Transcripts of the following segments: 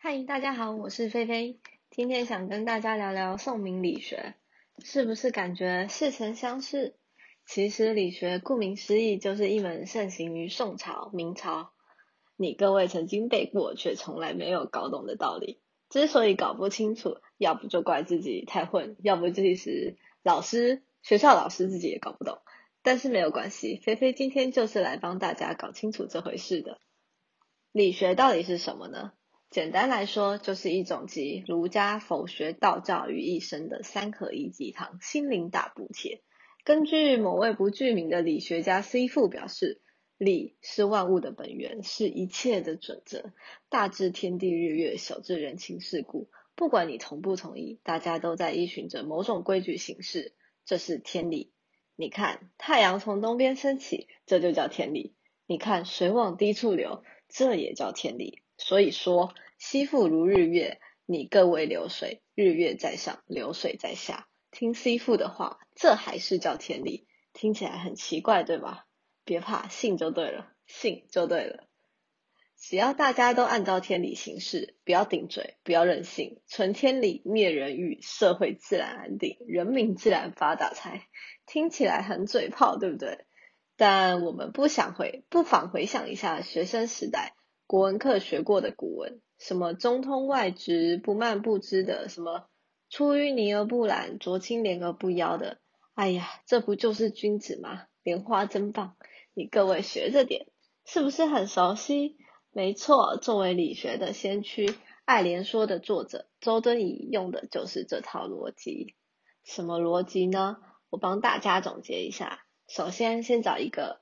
嗨，Hi, 大家好，我是菲菲。今天想跟大家聊聊宋明理學，是不是感覺似曾相識？其實理學顧名思義就是一門盛行於宋朝、明朝，你各位曾經背過卻從來沒有搞懂的道理。之所以搞不清楚，要不就怪自己太混，要不就是老師、學校老師自己也搞不懂。但是沒有關係，菲菲今天就是來幫大家搞清楚這回事的。理學到底是什麼呢？簡單來說，就是一種集儒家、佛學、道教於一身的三合一雞湯心靈大補帖。根據某位不具名的理學家 CF 表示，理是萬物的本源，是一切的準則。大至天地日月，小至人情世故，不管你同不同意，大家都在依循着某種規矩行事，這是天理。你看，太陽從東邊升起，這就叫天理；你看，水往低處流，這也叫天理。所以說，西父如日月，你各為流水，日月在上，流水在下。聽西父的話，這還是叫天理？聽起來很奇怪，對吧？別怕，信就對了，信就對了。只要大家都按照天理行事，不要頂嘴，不要任性，存天理滅人欲，社會自然安定，人民自然發大財。聽起來很嘴炮，對不對？但我們不想回，不妨回想一下學生時代。國文課學過的古文，什麼“中通外直，不蔓不枝”的，什麼“出淤泥而不染，濯清漣而不妖”的，哎呀，這不就是君子嗎？蓮花真棒，你各位學着點，是不是很熟悉？沒錯，作為理學的先驅，《愛蓮說》的作者周敦頤用的就是這套邏輯。什麼邏輯呢？我幫大家總結一下：首先，先找一個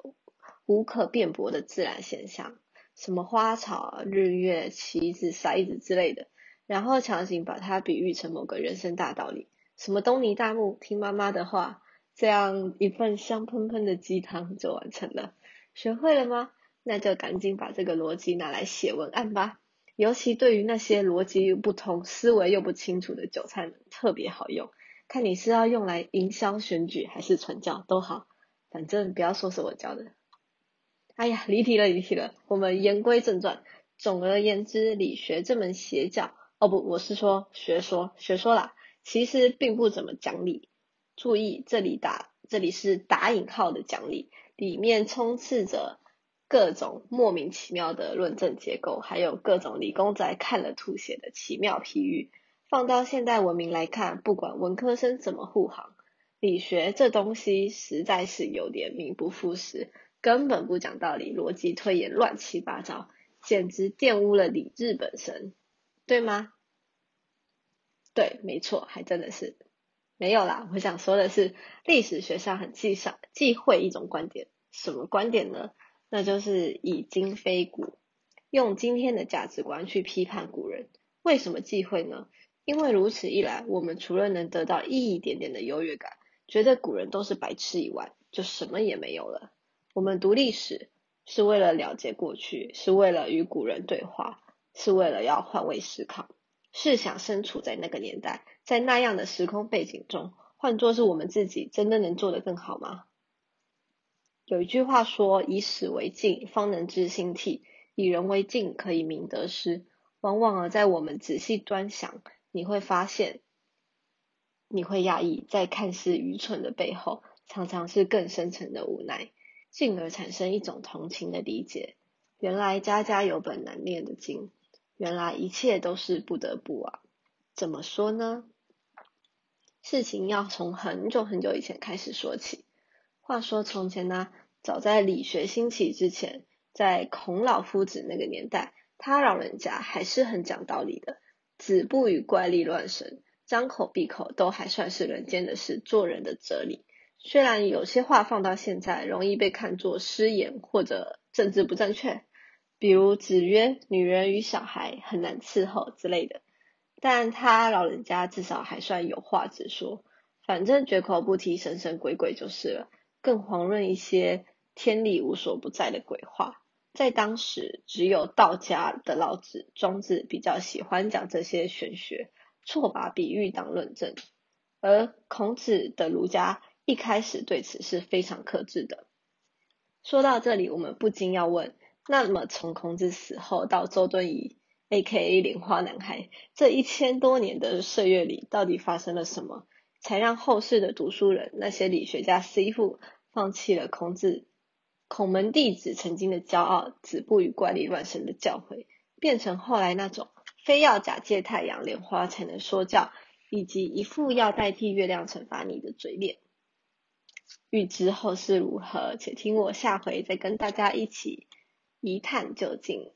無可辯駁的自然現象。什麼花草、日月、棋子、骰子之類的，然後強行把它比喻成某個人生大道理，什麼東尼大木聽媽媽的話，這樣一份香噴噴的雞湯就完成了。學會了嗎？那就趕緊把這個邏輯拿來寫文案吧。尤其對於那些邏輯又不通、思維又不清楚的韭菜，特別好用。看你是要用來營銷選舉還是傳教都好，反正不要說是我教的。哎呀，離題了，離題了。我們言歸正傳。總而言之，理學這門邪教，哦不，我是說學說，學說啦，其實並不怎麼講理。注意，這裡打這裡是打引號的講理，裡面充斥着各種莫名其妙的論證結構，還有各種理工仔看了吐血的奇妙譬喻。放到現代文明來看，不管文科生怎麼護航，理學這東西實在是有點名不副實。根本不講道理，邏輯推演亂七八糟，簡直玷污了理智本身，對嗎？對，沒錯，還真的是。沒有啦，我想說的是，歷史學上很忌諱忌諱一種觀點，什麼觀點呢？那就是以今非古，用今天的價值觀去批判古人。為什麼忌諱呢？因為如此一來，我們除了能得到一點點的優越感，覺得古人都是白痴以外，就什麼也沒有了。我們讀歷史，是為了了解過去，是為了與古人對話，是為了要換位思考，試想身處在那個年代，在那樣的時空背景中，換作是我們自己，真的能做得更好嗎？有一句話說：“以史為鏡，方能知興替；以人為鏡，可以明得失。”往往而在我們仔細端詳，你會發現，你會訝異，在看似愚蠢的背後，常常是更深層的無奈。進而產生一種同情的理解。原來家家有本難念的經，原來一切都是不得不啊。怎麼說呢？事情要從很久很久以前開始說起。話說從前呢、啊，早在理學興起之前，在孔老夫子那個年代，他老人家還是很講道理的。子不語怪力亂神，張口閉口都還算是人間的事、做人的哲理。雖然有些話放到現在容易被看作失言或者政治不正確，比如子曰“女人與小孩很難伺候”之類的，但他老人家至少還算有話直說，反正絕口不提神神鬼鬼就是了。更遑論一些天理無所不在的鬼話，在當時只有道家的老子、莊子比較喜歡講這些玄學，錯把比喻當論證，而孔子的儒家。一開始對此是非常克制的。說到這裡，我們不禁要問：那麼從孔子死後到周敦頤 （A.K.A. 蓮花男孩）這一千多年的歲月裡，到底發生了什麼，才讓後世的讀書人、那些理學家 C、C 傅放棄了孔子、孔門弟子曾經的驕傲“子不語怪力亂神”的教誨，變成後來那種非要假借太陽、蓮花才能說教，以及一副要代替月亮懲罰你的嘴臉？欲知後事如何，且聽我下回再跟大家一起一探究竟。